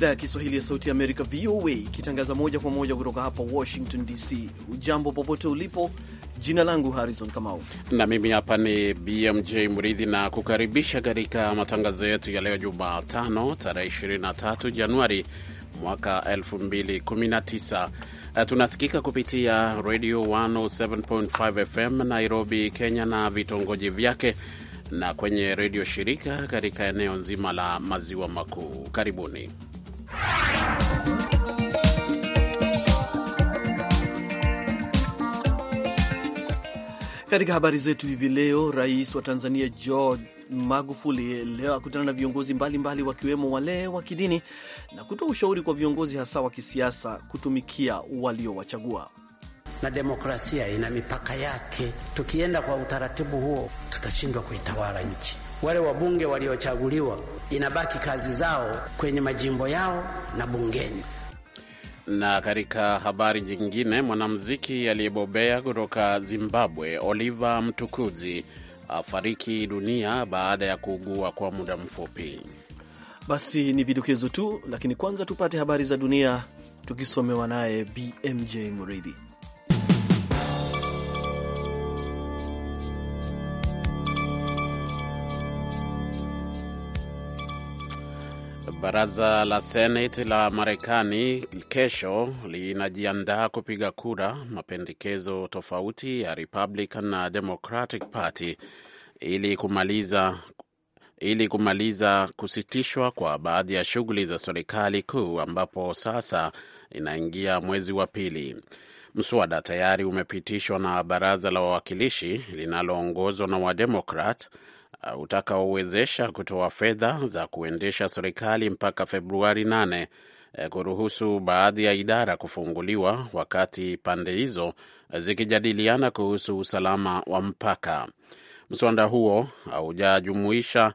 idhaa ya Kiswahili ya Sauti ya Amerika, VOA, ikitangaza moja kwa moja kutoka hapa Washington DC. Ujambo popote ulipo, jina langu Harrison Kamau na mimi hapa ni BMJ Mridhi na kukaribisha katika matangazo yetu ya leo Jumatano tarehe 23 Januari mwaka 2019. Eh, tunasikika kupitia Radio 107.5 FM Nairobi, Kenya na vitongoji vyake na kwenye redio shirika katika eneo nzima la maziwa makuu. Karibuni. Katika habari zetu hivi leo, rais wa Tanzania George Magufuli leo akutana na viongozi mbalimbali mbali wakiwemo wale wa kidini na kutoa ushauri kwa viongozi hasa wa kisiasa kutumikia waliowachagua. Na demokrasia ina mipaka yake, tukienda kwa utaratibu huo tutashindwa kuitawala nchi. Wale wabunge waliochaguliwa inabaki kazi zao kwenye majimbo yao na bungeni na katika habari nyingine, mwanamuziki aliyebobea kutoka Zimbabwe Oliver Mtukudzi afariki dunia baada ya kuugua kwa muda mfupi. Basi ni vidokezo tu, lakini kwanza tupate habari za dunia tukisomewa naye BMJ Muridhi. Baraza la senat la Marekani kesho linajiandaa kupiga kura mapendekezo tofauti ya Republican na Democratic Party ili kumaliza ili kumaliza kusitishwa kwa baadhi ya shughuli za serikali kuu ambapo sasa inaingia mwezi wa pili. Mswada tayari umepitishwa na baraza la wawakilishi linaloongozwa na Wademokrat Uh, utakaowezesha kutoa fedha za kuendesha serikali mpaka Februari 8 uh, kuruhusu baadhi ya idara kufunguliwa wakati pande hizo uh, zikijadiliana kuhusu usalama wa mpaka. Mswada huo haujajumuisha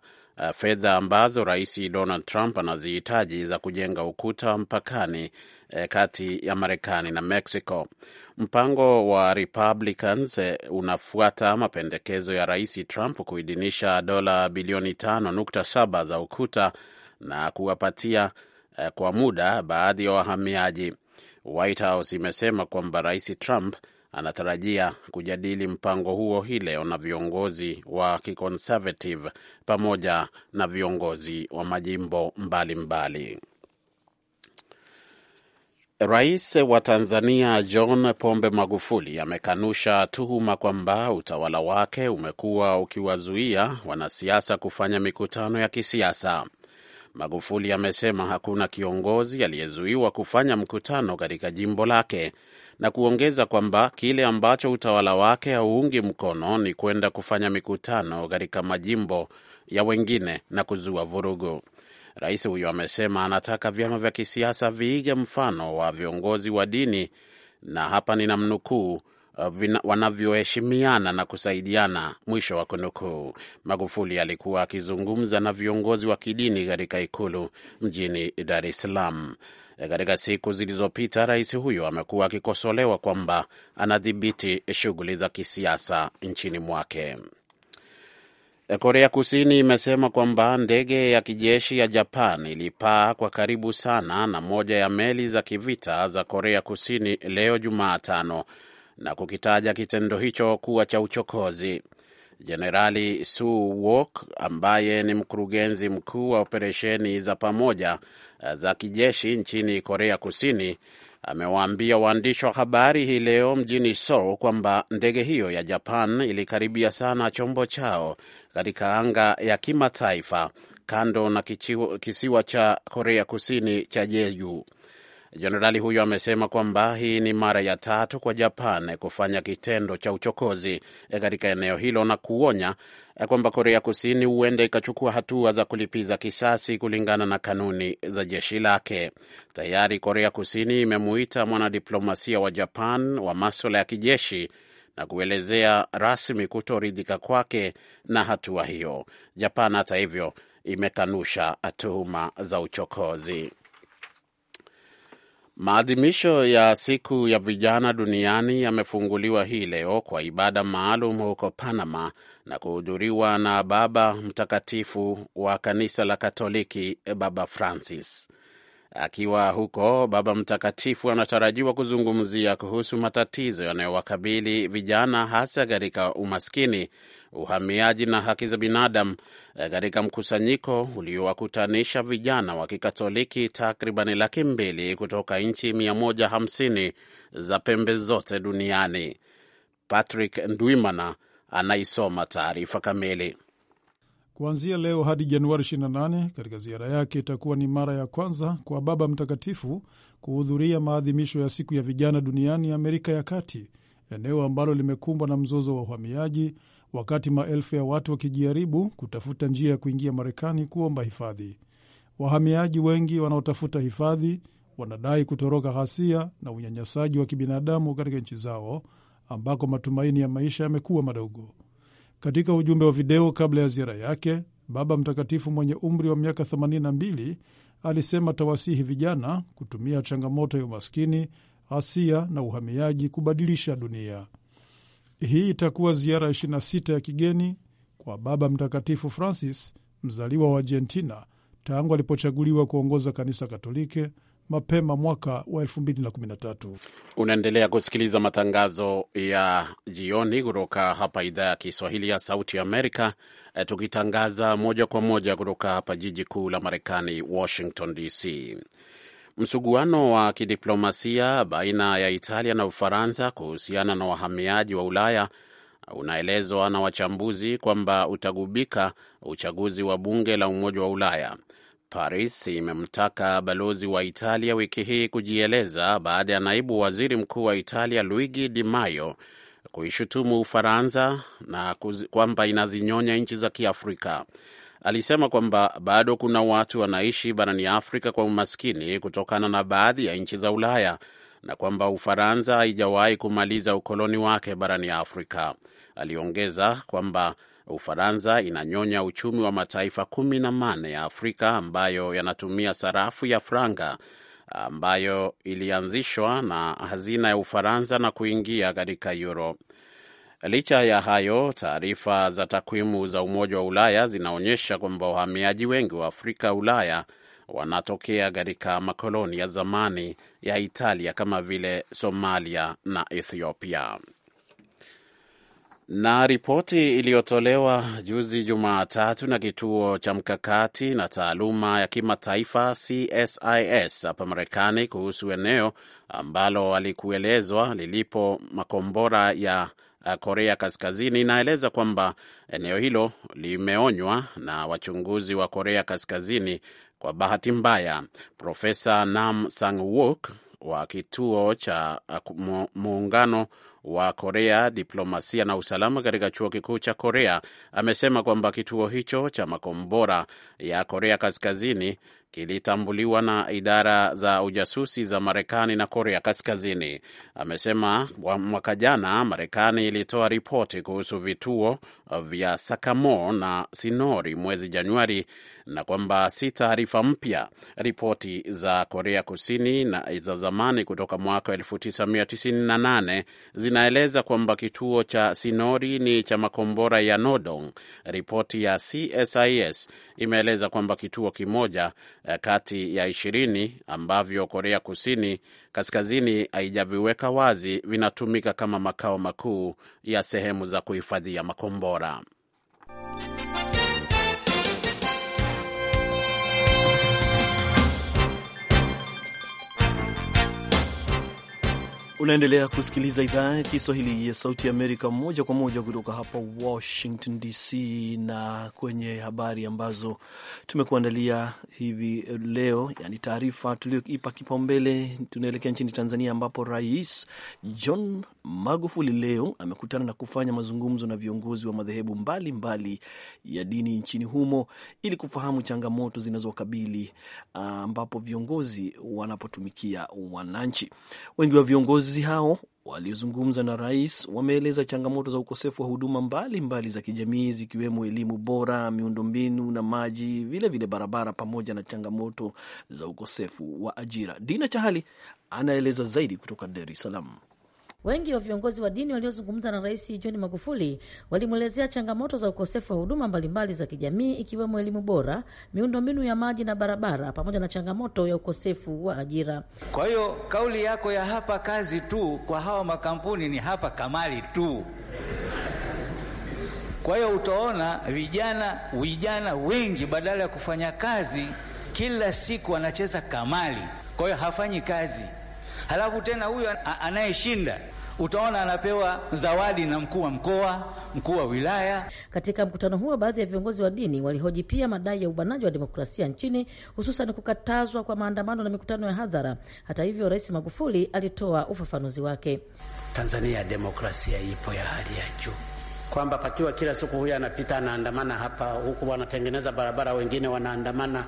fedha ambazo Rais Donald Trump anazihitaji za kujenga ukuta mpakani kati ya Marekani na Mexico. Mpango wa Republicans eh, unafuata mapendekezo ya Rais Trump kuidhinisha dola bilioni 5.7 za ukuta na kuwapatia eh, kwa muda baadhi ya wahamiaji. White House imesema kwamba Rais Trump anatarajia kujadili mpango huo hii leo na viongozi wa kiconservative pamoja na viongozi wa majimbo mbalimbali mbali. Rais wa Tanzania John Pombe Magufuli amekanusha tuhuma kwamba utawala wake umekuwa ukiwazuia wanasiasa kufanya mikutano ya kisiasa. Magufuli amesema hakuna kiongozi aliyezuiwa kufanya mkutano katika jimbo lake na kuongeza kwamba kile ambacho utawala wake hauungi mkono ni kwenda kufanya mikutano katika majimbo ya wengine na kuzua vurugu. Rais huyo amesema anataka vyama vya kisiasa viige mfano wa viongozi wa dini, na hapa ninamnukuu uh, wanavyoheshimiana na kusaidiana, mwisho wa kunukuu. Magufuli alikuwa akizungumza na viongozi wa kidini katika ikulu mjini Dar es Salaam. Katika siku zilizopita, rais huyo amekuwa akikosolewa kwamba anadhibiti shughuli za kisiasa nchini mwake. Eh, Korea Kusini imesema kwamba ndege ya kijeshi ya Japan ilipaa kwa karibu sana na moja ya meli za kivita za Korea Kusini leo Jumatano na kukitaja kitendo hicho kuwa cha uchokozi. Jenerali Su Wok ambaye ni mkurugenzi mkuu wa operesheni za pamoja eh, za kijeshi nchini Korea Kusini amewaambia waandishi wa habari hii leo mjini Seoul kwamba ndege hiyo ya Japan ilikaribia sana chombo chao katika anga ya kimataifa kando na kichiwa, kisiwa cha Korea Kusini cha Jeju. Jenerali huyo amesema kwamba hii ni mara ya tatu kwa Japan kufanya kitendo cha uchokozi eh, katika eneo hilo na kuonya eh, kwamba Korea Kusini huenda ikachukua hatua za kulipiza kisasi kulingana na kanuni za jeshi lake. Tayari Korea Kusini imemuita mwanadiplomasia wa Japan wa maswala ya kijeshi na kuelezea rasmi kutoridhika kwake na hatua hiyo. Japan hata hivyo imekanusha tuhuma za uchokozi. Maadhimisho ya siku ya vijana duniani yamefunguliwa hii leo kwa ibada maalum huko Panama na kuhudhuriwa na Baba Mtakatifu wa Kanisa la Katoliki, Baba Francis. Akiwa huko, Baba Mtakatifu anatarajiwa kuzungumzia kuhusu matatizo yanayowakabili vijana, hasa katika umaskini, uhamiaji na haki za binadamu e, katika mkusanyiko uliowakutanisha vijana wa Kikatoliki takribani laki mbili kutoka nchi 150 za pembe zote duniani. Patrick Ndwimana anaisoma taarifa kamili. Kuanzia leo hadi Januari 28 katika ziara yake itakuwa ni mara ya kwanza kwa Baba Mtakatifu kuhudhuria maadhimisho ya siku ya vijana duniani Amerika ya Kati, eneo ambalo limekumbwa na mzozo wa uhamiaji wakati maelfu ya watu wakijaribu kutafuta njia ya kuingia Marekani kuomba hifadhi. Wahamiaji wengi wanaotafuta hifadhi wanadai kutoroka ghasia na unyanyasaji wa kibinadamu katika nchi zao ambako matumaini ya maisha yamekuwa madogo. Katika ujumbe wa video kabla ya ziara yake, Baba Mtakatifu mwenye umri wa miaka 82 alisema tawasihi vijana kutumia changamoto ya umaskini, ghasia na uhamiaji kubadilisha dunia. Hii itakuwa ziara ya 26 ya kigeni kwa Baba Mtakatifu Francis, mzaliwa wa Argentina, tangu alipochaguliwa kuongoza kanisa katolike mapema mwaka wa 2013. Unaendelea kusikiliza matangazo ya jioni kutoka hapa idhaa ya Kiswahili ya Sauti Amerika, eh, tukitangaza moja kwa moja kutoka hapa jiji kuu la Marekani, Washington DC. Msuguano wa kidiplomasia baina ya Italia na Ufaransa kuhusiana na wahamiaji wa Ulaya unaelezwa na wachambuzi kwamba utagubika uchaguzi wa bunge la Umoja wa Ulaya. Paris imemtaka balozi wa Italia wiki hii kujieleza baada ya naibu waziri mkuu wa Italia Luigi Di Maio kuishutumu Ufaransa na kwamba inazinyonya nchi za Kiafrika alisema kwamba bado kuna watu wanaishi barani Afrika kwa umaskini kutokana na baadhi ya nchi za Ulaya na kwamba Ufaransa haijawahi kumaliza ukoloni wake barani Afrika. Aliongeza kwamba Ufaransa inanyonya uchumi wa mataifa kumi na nane ya Afrika ambayo yanatumia sarafu ya franga ambayo ilianzishwa na hazina ya Ufaransa na kuingia katika euro. Licha ya hayo, taarifa za takwimu za Umoja wa Ulaya zinaonyesha kwamba wahamiaji wengi wa Afrika Ulaya wanatokea katika makoloni ya zamani ya Italia kama vile Somalia na Ethiopia. Na ripoti iliyotolewa juzi Jumatatu na kituo cha mkakati na taaluma ya kimataifa CSIS hapa Marekani kuhusu eneo ambalo alikuelezwa lilipo makombora ya Uh, Korea Kaskazini inaeleza kwamba eneo hilo limeonywa na wachunguzi wa Korea Kaskazini. Kwa bahati mbaya, Profesa Nam Sang Wook wa kituo cha uh, muungano wa Korea diplomasia na usalama katika chuo kikuu cha Korea amesema kwamba kituo hicho cha makombora ya Korea Kaskazini kilitambuliwa na idara za ujasusi za Marekani na Korea Kaskazini. Amesema mwaka jana Marekani ilitoa ripoti kuhusu vituo vya Sakamo na Sinori mwezi Januari, na kwamba si taarifa mpya. Ripoti za Korea Kusini na za zamani kutoka mwaka 1998 zinaeleza kwamba kituo cha Sinori ni cha makombora ya Nodong. Ripoti ya CSIS imeeleza kwamba kituo kimoja Eh, kati ya ishirini ambavyo Korea Kusini Kaskazini haijaviweka wazi vinatumika kama makao makuu ya sehemu za kuhifadhia makombora. Unaendelea kusikiliza idhaa ya Kiswahili ya Sauti ya Amerika moja kwa moja kutoka hapa Washington DC, na kwenye habari ambazo tumekuandalia hivi leo, yani taarifa tuliyoipa kipaumbele, tunaelekea nchini Tanzania ambapo Rais John Magufuli leo amekutana na kufanya mazungumzo na viongozi wa madhehebu mbalimbali ya dini nchini humo ili kufahamu changamoto zinazokabili ah, ambapo viongozi wanapotumikia wananchi. Wengi wa viongozi Wakimbizi hao waliozungumza na rais wameeleza changamoto za ukosefu wa huduma mbalimbali mbali za kijamii zikiwemo elimu bora, miundombinu na maji, vilevile vile barabara, pamoja na changamoto za ukosefu wa ajira. Dina Chahali anaeleza zaidi kutoka Dar es Salaam. Wengi wa viongozi wa dini waliozungumza na Rais John Magufuli walimwelezea changamoto za ukosefu wa huduma mbalimbali za kijamii ikiwemo elimu bora, miundombinu ya maji na barabara, pamoja na changamoto ya ukosefu wa ajira. Kwa hiyo kauli yako ya hapa kazi tu kwa hawa makampuni ni hapa kamali tu. Kwa hiyo utaona vijana vijana wengi badala ya kufanya kazi kila siku anacheza kamali, kwa hiyo hafanyi kazi. Halafu tena huyo anayeshinda utaona anapewa zawadi na mkuu wa mkoa, mkuu wa wilaya. Katika mkutano huo, baadhi ya viongozi wa dini walihoji pia madai ya ubanaji wa demokrasia nchini, hususan kukatazwa kwa maandamano na mikutano ya hadhara. Hata hivyo, Rais Magufuli alitoa ufafanuzi wake. Tanzania ya demokrasia ipo ya hali ya juu kwamba pakiwa kila siku huyu anapita anaandamana hapa, huku wanatengeneza barabara, wengine wanaandamana,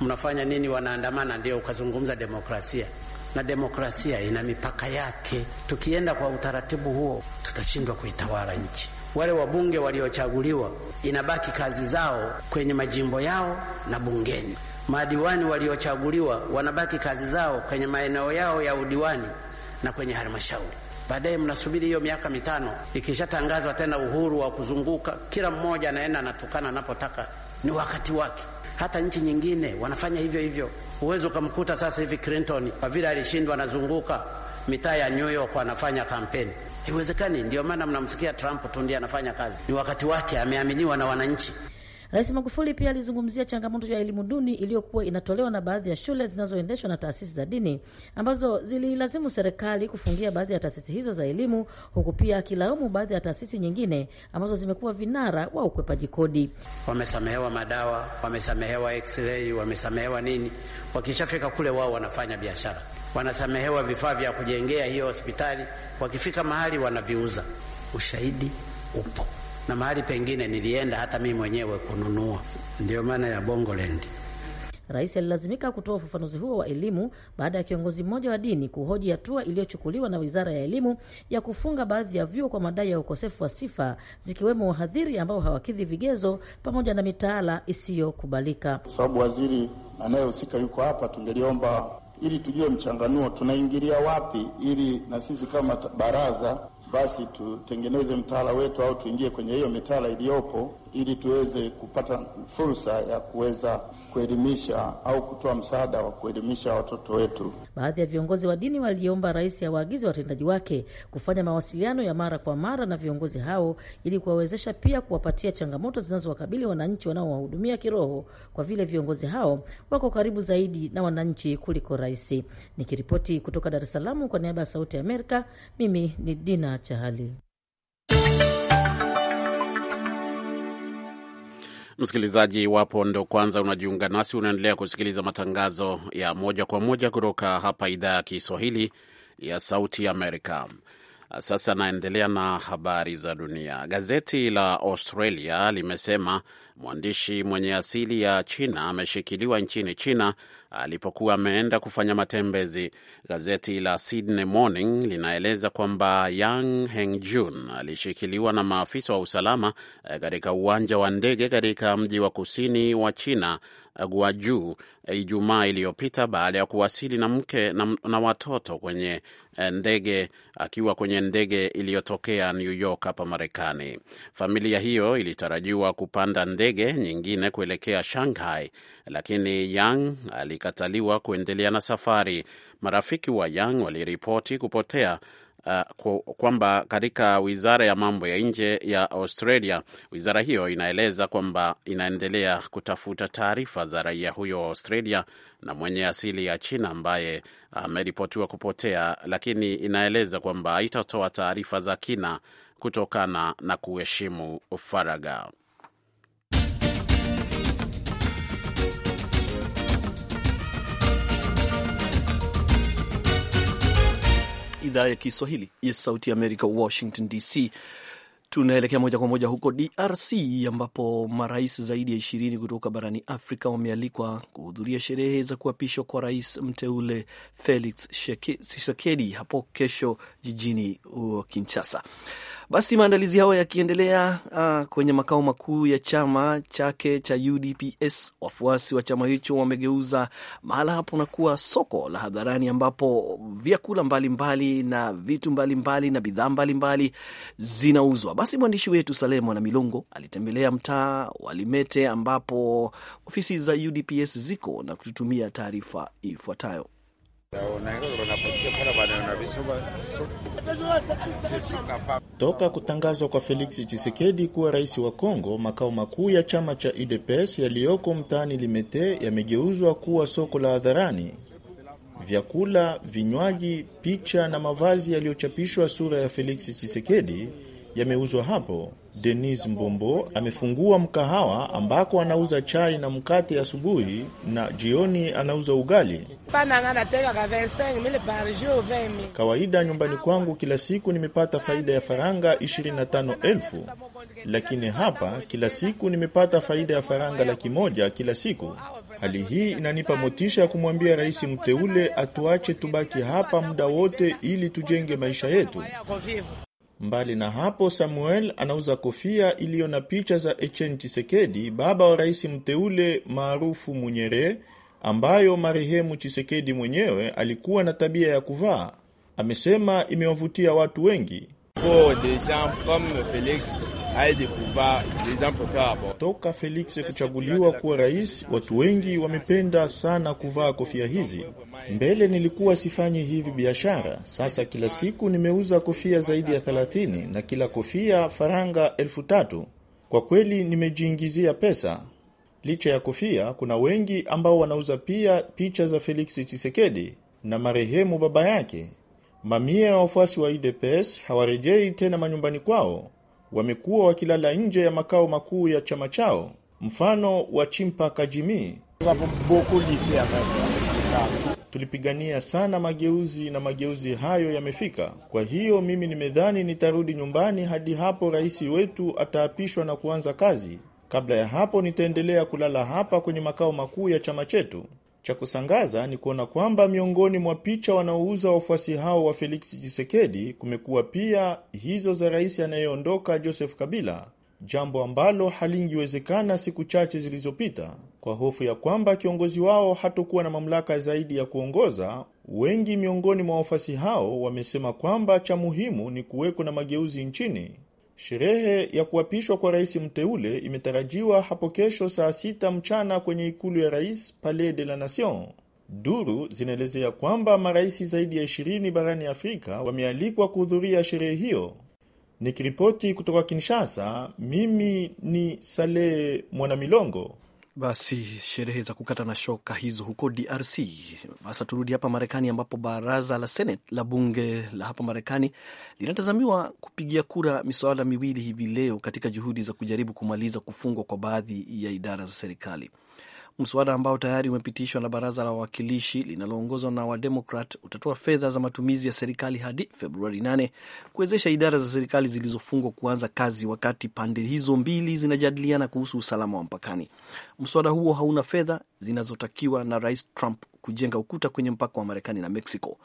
mnafanya nini? Wanaandamana ndio ukazungumza demokrasia? na demokrasia ina mipaka yake. Tukienda kwa utaratibu huo, tutashindwa kuitawala nchi. Wale wabunge waliochaguliwa inabaki kazi zao kwenye majimbo yao na bungeni. Madiwani waliochaguliwa wanabaki kazi zao kwenye maeneo yao ya udiwani na kwenye halmashauri. Baadaye mnasubiri hiyo miaka mitano, ikishatangazwa tena uhuru wa kuzunguka, kila mmoja anaenda anatukana anapotaka, ni wakati wake. Hata nchi nyingine wanafanya hivyo hivyo. Huwezi ukamkuta sasa hivi Clinton kwa vile alishindwa, anazunguka mitaa ya New York anafanya kampeni. Haiwezekani. Ndio maana mnamsikia Trump tu ndiye anafanya kazi, ni wakati wake, ameaminiwa na wananchi. Rais Magufuli pia alizungumzia changamoto ya elimu duni iliyokuwa inatolewa na baadhi ya shule zinazoendeshwa na taasisi za dini ambazo zililazimu serikali kufungia baadhi ya taasisi hizo za elimu, huku pia akilaumu baadhi ya taasisi nyingine ambazo zimekuwa vinara wa ukwepaji kodi. Wamesamehewa madawa, wamesamehewa x-ray, wamesamehewa nini. Wakishafika kule, wao wanafanya biashara, wanasamehewa vifaa vya kujengea hiyo hospitali, wakifika mahali wanaviuza. Ushahidi upo na mahali pengine nilienda hata mimi mwenyewe kununua. Ndiyo maana ya Bongoland. Rais alilazimika kutoa ufafanuzi huo wa elimu baada ya kiongozi mmoja wa dini kuhoji hatua iliyochukuliwa na wizara ya elimu ya kufunga baadhi ya vyuo kwa madai ya ukosefu wa sifa, zikiwemo wahadhiri ambao hawakidhi vigezo pamoja na mitaala isiyokubalika. Kwa sababu waziri anayehusika yuko hapa, tungeliomba ili tujue mchanganuo, tunaingilia wapi, ili na sisi kama baraza basi tutengeneze mtaala wetu au tuingie kwenye hiyo mitaala iliyopo ili tuweze kupata fursa ya kuweza kuelimisha au kutoa msaada wa kuelimisha watoto wetu. Baadhi ya viongozi wa dini waliomba rais awaagize watendaji wake kufanya mawasiliano ya mara kwa mara na viongozi hao ili kuwawezesha pia kuwapatia changamoto zinazowakabili wananchi wanaowahudumia kiroho, kwa vile viongozi hao wako karibu zaidi na wananchi kuliko rais. Nikiripoti kutoka Dar es Salaam kwa niaba ya Sauti ya Amerika, mimi ni Dina Chahali. Msikilizaji, iwapo ndo kwanza unajiunga nasi, unaendelea kusikiliza matangazo ya moja kwa moja kutoka hapa idhaa ya Kiswahili ya Sauti Amerika. Sasa naendelea na habari za dunia. Gazeti la Australia limesema mwandishi mwenye asili ya China ameshikiliwa nchini China alipokuwa ameenda kufanya matembezi. Gazeti la Sydney Morning linaeleza kwamba Yang Hengjun alishikiliwa na maafisa wa usalama eh, katika uwanja wa ndege katika mji wa kusini wa China Guaju eh, Ijumaa iliyopita baada ya kuwasili na mke na, na watoto kwenye eh, ndege akiwa kwenye ndege iliyotokea New York hapa Marekani. Familia hiyo ilitarajiwa kupanda ndege nyingine kuelekea Shanghai, lakini Yang alikataliwa kuendelea na safari. Marafiki wa Yang waliripoti kupotea Uh, kwamba katika wizara ya mambo ya nje ya Australia, wizara hiyo inaeleza kwamba inaendelea kutafuta taarifa za raia huyo wa Australia na mwenye asili ya China ambaye ameripotiwa kupotea, lakini inaeleza kwamba haitatoa taarifa za kina kutokana na kuheshimu faragha. idhaa ya Kiswahili ya Sauti Amerika, Washington DC. Tunaelekea moja kwa moja huko DRC ambapo marais zaidi ya ishirini kutoka barani Afrika wamealikwa kuhudhuria sherehe za kuapishwa kwa rais mteule Felix Tshisekedi hapo kesho jijini uh, Kinshasa. Basi maandalizi hayo yakiendelea uh, kwenye makao makuu ya chama chake cha UDPS, wafuasi wa chama hicho wamegeuza mahala hapo na kuwa soko la hadharani, ambapo vyakula mbalimbali mbali na vitu mbalimbali mbali na bidhaa mbalimbali zinauzwa. Basi mwandishi wetu na Milongo alitembelea mtaa wa Limete ambapo ofisi za UDPS ziko na kututumia taarifa ifuatayo. Toka kutangazwa kwa Felix Tshisekedi kuwa rais wa Kongo, makao makuu ya chama cha UDPS yaliyoko mtaani Limete yamegeuzwa kuwa soko la hadharani. Vyakula, vinywaji, picha na mavazi yaliyochapishwa sura ya Felix Tshisekedi yameuzwa hapo. Denis Mbombo amefungua mkahawa ambako anauza chai na mkate asubuhi na jioni anauza ugali. Kawaida nyumbani kwangu kila siku nimepata faida ya faranga 25,000, lakini hapa kila siku nimepata faida ya faranga laki moja kila siku. Hali hii inanipa motisha ya kumwambia rais mteule atuache tubaki hapa muda wote ili tujenge maisha yetu. Mbali na hapo, Samuel anauza kofia iliyo na picha za Etienne Tshisekedi, baba wa rais mteule maarufu Munyere, ambayo marehemu Tshisekedi mwenyewe alikuwa na tabia ya kuvaa. Amesema imewavutia watu wengi oh, toka Felix kuchaguliwa kuwa rais. Watu wengi wamependa sana kuvaa kofia hizi. Mbele nilikuwa sifanyi hivi biashara, sasa kila siku nimeuza kofia zaidi ya 30 na kila kofia faranga elfu tatu. Kwa kweli nimejiingizia pesa. Licha ya kofia, kuna wengi ambao wanauza pia picha za Felix Tshisekedi na marehemu baba yake. Mamia ya wafuasi wa UDPS hawarejei tena manyumbani kwao, wamekuwa wakilala nje ya makao makuu ya chama chao, mfano wa Chimpa Kajimi. Tulipigania sana mageuzi na mageuzi hayo yamefika. Kwa hiyo mimi nimedhani nitarudi nyumbani hadi hapo rais wetu ataapishwa na kuanza kazi. Kabla ya hapo nitaendelea kulala hapa kwenye makao makuu ya chama chetu. Cha kusangaza ni kuona kwamba miongoni mwa picha wanaouza wafuasi hao wa feliksi chisekedi kumekuwa pia hizo za rais anayeondoka Joseph Kabila, jambo ambalo halingiwezekana siku chache zilizopita. Kwa hofu ya kwamba kiongozi wao hatokuwa na mamlaka zaidi ya kuongoza, wengi miongoni mwa wafuasi hao wamesema kwamba cha muhimu ni kuweko na mageuzi nchini. Sherehe ya kuapishwa kwa rais mteule imetarajiwa hapo kesho saa sita mchana kwenye ikulu ya rais, Palais de la Nation. Duru zinaelezea kwamba marais zaidi ya 20 barani Afrika wamealikwa kuhudhuria sherehe hiyo. Nikiripoti kutoka Kinshasa, mimi ni Saleh Mwanamilongo. Basi sherehe za kukata na shoka hizo huko DRC. Sasa turudi hapa Marekani, ambapo baraza la Senate la bunge la hapa Marekani linatazamiwa kupigia kura miswada miwili hivi leo katika juhudi za kujaribu kumaliza kufungwa kwa baadhi ya idara za serikali mswada ambao tayari umepitishwa na baraza la wawakilishi linaloongozwa na Wademokrat utatoa fedha za matumizi ya serikali hadi Februari 8 kuwezesha idara za serikali zilizofungwa kuanza kazi, wakati pande hizo mbili zinajadiliana kuhusu usalama wa mpakani. Mswada huo hauna fedha zinazotakiwa na Rais Trump kujenga ukuta kwenye mpaka wa Marekani na Mexico.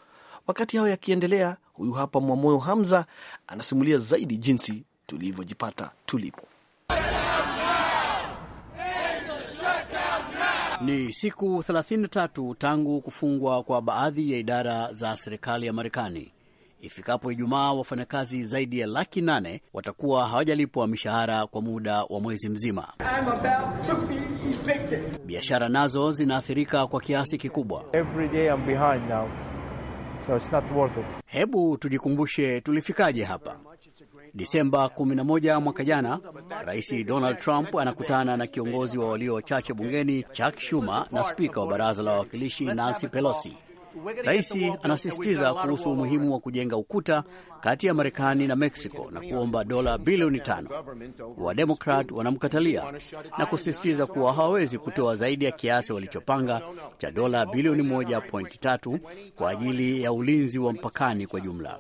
Wakati hayo yakiendelea, huyu hapa Mwamoyo Hamza anasimulia zaidi jinsi tulivyojipata tulipo. Ni siku 33 tangu kufungwa kwa baadhi ya idara za serikali ya Marekani. Ifikapo Ijumaa, wafanyakazi zaidi ya laki nane watakuwa hawajalipwa mishahara kwa muda wa mwezi mzima. Biashara nazo zinaathirika kwa kiasi kikubwa. So hebu tujikumbushe tulifikaje hapa. Disemba 11 mwaka jana, Rais Donald Trump anakutana na kiongozi wa walio wachache bungeni Chuck Schumer na spika wa baraza la wawakilishi Nancy Pelosi Rais anasisitiza kuhusu umuhimu wa kujenga ukuta kati ya Marekani na Meksiko na kuomba dola bilioni tano. Wademokrat wanamkatalia na kusisitiza kuwa hawawezi kutoa zaidi ya kiasi walichopanga cha dola bilioni 1.3 kwa ajili ya ulinzi wa mpakani kwa jumla.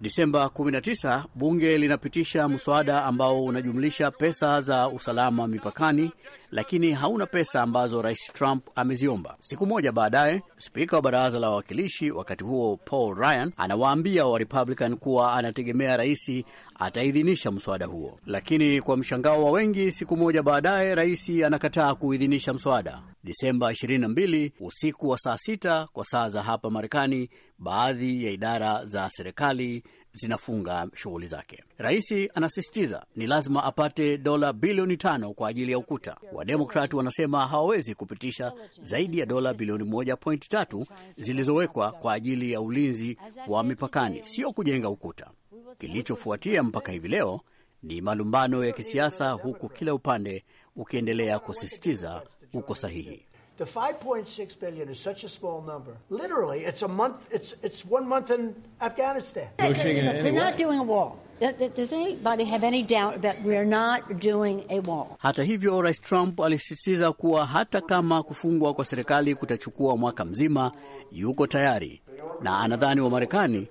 disemba 19 bunge linapitisha mswada ambao unajumlisha pesa za usalama mipakani, lakini hauna pesa ambazo Rais Trump ameziomba. Siku moja baadaye, spika wa baraza la wawakilishi wakati huo Paul Ryan anawaambia Warepublican kuwa anategemea rais ataidhinisha mswada huo, lakini kwa mshangao wa wengi, siku moja baadaye rais anakataa kuidhinisha mswada. Desemba 22 usiku wa saa sita kwa saa za hapa Marekani, baadhi ya idara za serikali zinafunga shughuli zake. Rais anasisitiza ni lazima apate dola bilioni tano kwa ajili ya ukuta. Wademokrati wanasema hawawezi kupitisha zaidi ya dola bilioni moja point tatu zilizowekwa kwa ajili ya ulinzi wa mipakani, sio kujenga ukuta. Kilichofuatia mpaka hivi leo ni malumbano ya kisiasa, huku kila upande ukiendelea kusisitiza uko sahihi. The 5.6 billion is such a small number. Literally, it's a month. It's it's one month in Afghanistan. We're anyway. not doing a wall. Does anybody have any doubt that we're not doing a wall? Hata hivyo, Rais Trump alisisitiza kuwa hata kama kufungwa kwa serikali kutachukua mwaka mzima, yuko tayari na anadhani wa Marekani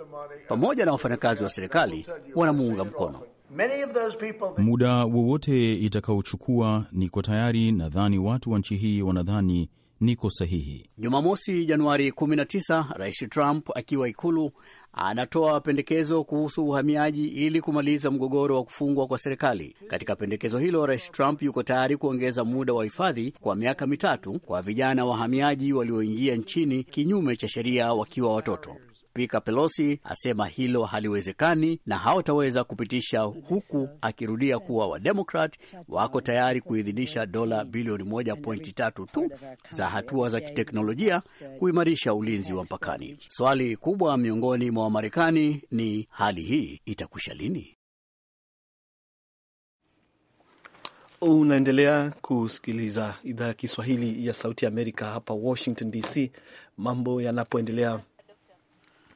pamoja na wafanyakazi wa serikali wanamuunga mkono muda wowote itakaochukua, niko tayari. Nadhani watu wa nchi hii wanadhani niko sahihi. Jumamosi Januari 19 Rais Trump akiwa Ikulu anatoa pendekezo kuhusu uhamiaji ili kumaliza mgogoro wa kufungwa kwa serikali. Katika pendekezo hilo, Rais Trump yuko tayari kuongeza muda wa hifadhi kwa miaka mitatu kwa vijana wahamiaji walioingia nchini kinyume cha sheria wakiwa watoto. Spika Pelosi asema hilo haliwezekani na hawataweza kupitisha, huku akirudia kuwa Wademokrat wako tayari kuidhinisha dola bilioni 1.3 tu za hatua za kiteknolojia kuimarisha ulinzi wa mpakani. Swali kubwa miongoni mwa Wamarekani ni hali hii itakwisha lini? Unaendelea kusikiliza idhaa ya Kiswahili ya Sauti ya Amerika hapa Washington DC, mambo yanapoendelea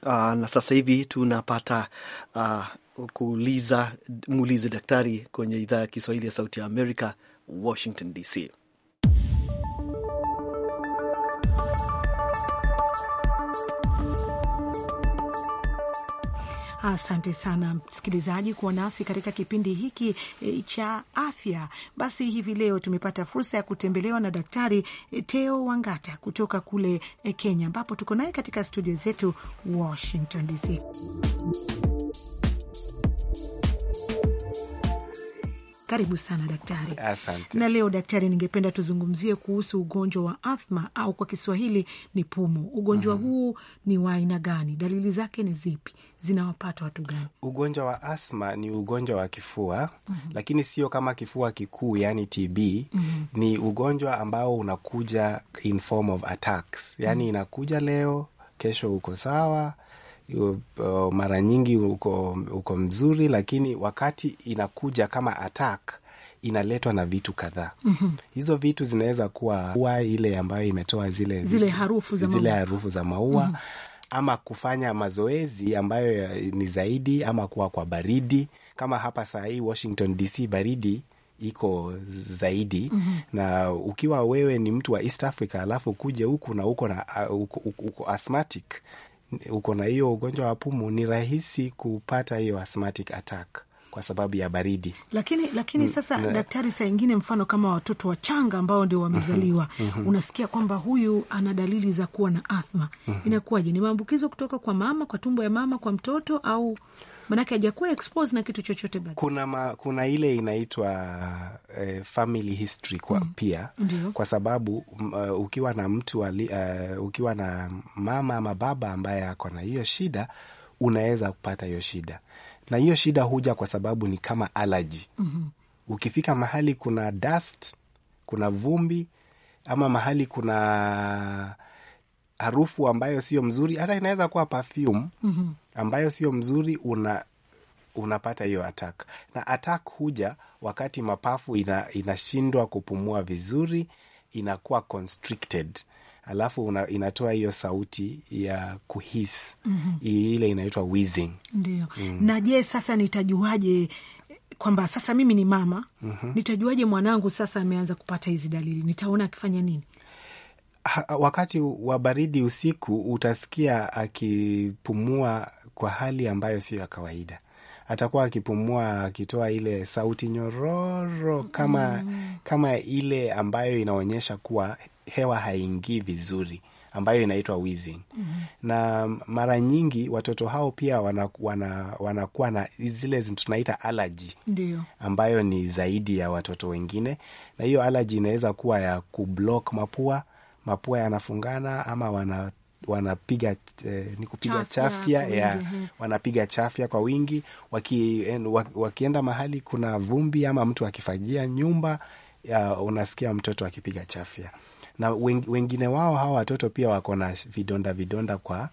Uh, na sasa hivi tunapata uh, kuuliza muulize daktari kwenye idhaa ya Kiswahili ya Sauti ya Amerika, Washington DC. Asante sana msikilizaji kuwa nasi katika kipindi hiki e, cha afya. Basi hivi leo tumepata fursa ya kutembelewa na Daktari eh, Teo Wangata kutoka kule eh, Kenya, ambapo tuko naye katika studio zetu Washington DC. Karibu sana daktari. Asante. Na leo daktari, ningependa tuzungumzie kuhusu ugonjwa wa athma au kwa Kiswahili ni pumu. Ugonjwa mm -hmm. huu ni wa aina gani? Dalili zake ni zipi? Zinawapata watu gani? Ugonjwa wa asma ni ugonjwa wa kifua mm -hmm. lakini sio kama kifua kikuu, yani TB mm -hmm. ni ugonjwa ambao unakuja in form of attacks, yani mm -hmm. inakuja leo, kesho uko sawa uh, mara nyingi uko, uko mzuri, lakini wakati inakuja kama attack inaletwa na vitu kadhaa. mm -hmm. Hizo vitu zinaweza kuwa ua ile ambayo imetoa zile, zile harufu za zile maua, harufu za maua. Mm -hmm. ama kufanya mazoezi ambayo eh, ni zaidi, ama kuwa kwa baridi kama hapa saa hii Washington DC baridi iko zaidi. mm -hmm. na ukiwa wewe ni mtu wa East Africa alafu kuje huku na uko na uh, uko asthmatic uko na hiyo ugonjwa wa pumu, ni rahisi kupata hiyo asthmatic attack kwa sababu ya baridi. Lakini lakini mm, sasa mm, daktari, saa ingine mfano kama watoto wachanga ambao ndio wamezaliwa mm-hmm. Mm-hmm. unasikia kwamba huyu ana dalili za kuwa na athma, mm-hmm. inakuwaje? Ni maambukizo kutoka kwa mama, kwa tumbo ya mama, kwa mtoto au manake hajakuwa expose na kitu chochote bado. Kuna, ma, kuna ile inaitwa eh, family history kwa mm. pia Ndiyo. kwa sababu uh, ukiwa na mtu ali, uh, ukiwa na mama ama baba ambaye ako na hiyo shida unaweza kupata hiyo shida, na hiyo shida huja kwa sababu ni kama alaji mm -hmm. ukifika mahali kuna dust, kuna vumbi ama mahali kuna harufu ambayo sio mzuri, hata inaweza kuwa perfume ambayo sio mzuri, una unapata hiyo attack, na attack huja wakati mapafu ina, inashindwa kupumua vizuri, inakuwa constricted alafu una, inatoa hiyo sauti ya kuhis mm -hmm. Ile inaitwa wheezing ndio. mm. Na je, sasa nitajuaje kwamba sasa mimi ni mama? mm -hmm. Nitajuaje mwanangu sasa ameanza kupata hizi dalili? Nitaona akifanya nini? wakati wa baridi usiku utasikia akipumua kwa hali ambayo sio ya kawaida. Atakuwa akipumua akitoa ile sauti nyororo kama, mm. kama ile ambayo inaonyesha kuwa hewa haingii vizuri ambayo inaitwa wheezing. mm -hmm. Na mara nyingi watoto hao pia wanakuwa wana, wana na zile tunaita alaji ambayo ni zaidi ya watoto wengine, na hiyo alaji inaweza kuwa ya kublock mapua mapua yanafungana ama wana wanapiga eh, ni kupiga chafya, ya eh. wanapiga chafya kwa wingi waki, wakienda mahali kuna vumbi ama mtu akifagia nyumba ya, unasikia mtoto akipiga chafya na wengine wao hawa watoto pia wako na vidonda vidonda kwa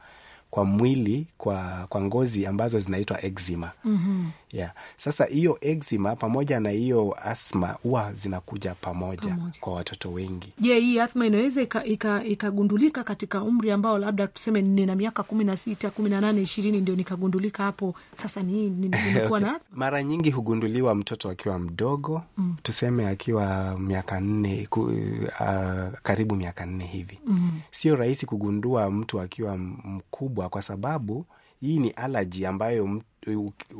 kwa mwili kwa, kwa ngozi ambazo zinaitwa eczema. mm -hmm. Yeah. Sasa hiyo eczema pamoja na hiyo asma huwa zinakuja pamoja, pamoja kwa watoto wengi. Je, yeah, hii asma inaweza ikagundulika katika umri ambao labda tuseme nina miaka kumi na sita kumi na nane ishirini ndio nikagundulika hapo sasa ni, ni, nimekuwa okay. na mara nyingi hugunduliwa mtoto akiwa mdogo mm. tuseme akiwa miaka nne uh, karibu miaka nne hivi mm. Sio rahisi kugundua mtu akiwa mkubwa kubwa, kwa sababu hii ni alaji ambayo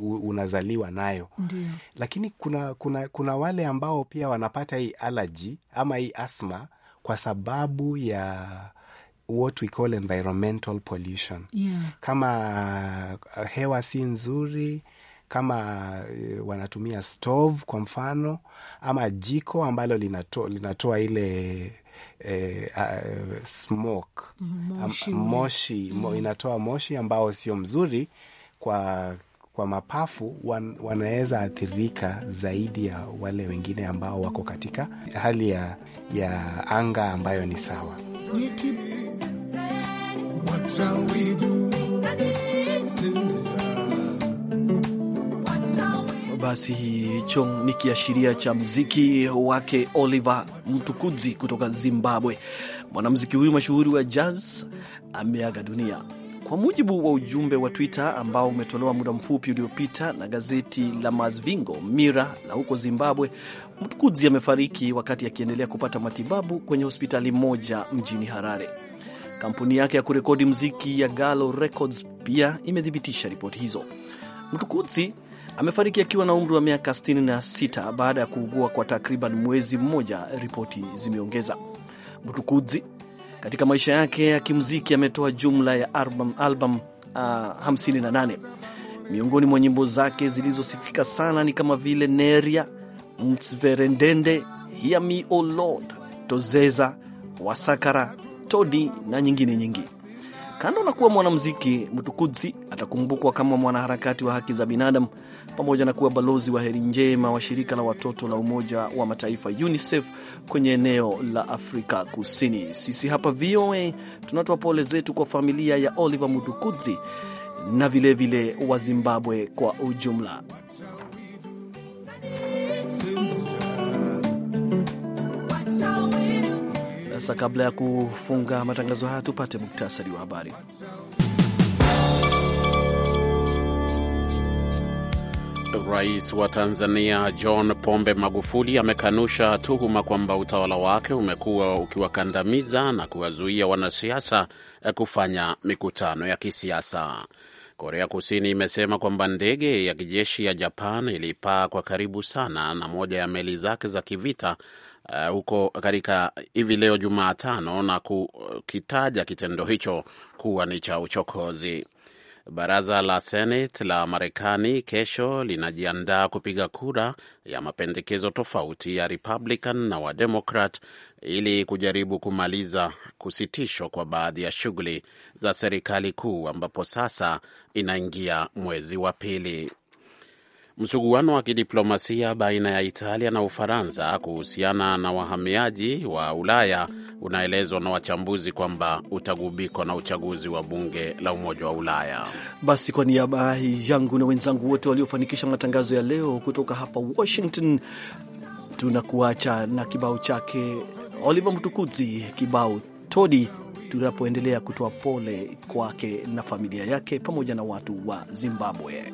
unazaliwa nayo. Ndiyo. Lakini kuna, kuna, kuna wale ambao pia wanapata hii alaji ama hii asma kwa sababu ya what we call environmental pollution. Yeah. Kama uh, hewa si nzuri, kama uh, wanatumia stove kwa mfano, ama jiko ambalo linatoa, linatoa ile eh, uh, smoke moshi, moshi mm. inatoa moshi ambao sio mzuri kwa kwa mapafu wan, wanaweza athirika zaidi ya wale wengine ambao wako katika hali ya, ya anga ambayo ni sawa. What shall we do? Basi hicho ni kiashiria cha mziki wake Oliver Mtukudzi kutoka Zimbabwe. mwanamziki huyu mashuhuri wa jazz ameaga dunia. Kwa mujibu wa ujumbe wa Twitter ambao umetolewa muda mfupi uliopita na gazeti la Mazvingo Mira la huko Zimbabwe, Mtukudzi amefariki wakati akiendelea kupata matibabu kwenye hospitali moja mjini Harare. Kampuni yake ya kurekodi mziki ya Galo Records pia imethibitisha ripoti hizo. Mtukudzi Amefariki akiwa na umri wa miaka 66 baada ya kuugua kwa takriban mwezi mmoja, ripoti zimeongeza. Mutukudzi katika maisha yake ya kimuziki ametoa jumla ya album, album uh, ah, 58. Miongoni mwa nyimbo zake zilizosifika sana ni kama vile Neria, Mtsverendende, Hear Me O Lord, Tozeza, Wasakara, Todi na nyingine nyingi. Kando na kuwa mwanamuziki, Mtukudzi atakumbukwa kama mwanaharakati wa haki za binadamu pamoja na kuwa balozi wa heri njema wa shirika la watoto la Umoja wa Mataifa UNICEF kwenye eneo la Afrika Kusini. Sisi hapa VOA tunatoa pole zetu kwa familia ya Oliver Mutukudzi na vilevile wa Zimbabwe kwa ujumla. Sasa kabla ya kufunga matangazo haya, tupate muktasari wa habari. Rais wa Tanzania John Pombe Magufuli amekanusha tuhuma kwamba utawala wake umekuwa ukiwakandamiza na kuwazuia wanasiasa eh, kufanya mikutano ya kisiasa. Korea Kusini imesema kwamba ndege ya kijeshi ya Japan ilipaa kwa karibu sana na moja ya meli zake za kivita Uh, huko uh, katika hivi leo Jumatano na kukitaja kitendo hicho kuwa ni cha uchokozi. Baraza la Senate la Marekani kesho linajiandaa kupiga kura ya mapendekezo tofauti ya Republican na Wademokrat ili kujaribu kumaliza kusitishwa kwa baadhi ya shughuli za serikali kuu ambapo sasa inaingia mwezi wa pili. Msuguano wa kidiplomasia baina ya Italia na Ufaransa kuhusiana na wahamiaji wa Ulaya unaelezwa na wachambuzi kwamba utagubikwa na uchaguzi wa bunge la Umoja wa Ulaya. Basi, kwa niaba yangu na wenzangu wote waliofanikisha matangazo ya leo kutoka hapa Washington, tunakuacha na kibao chake Oliver Mtukudzi, kibao Todi, tunapoendelea kutoa pole kwake na familia yake pamoja na watu wa Zimbabwe.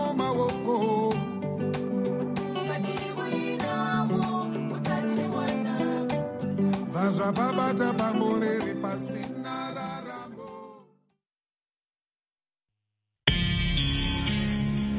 vabata bango riri pasi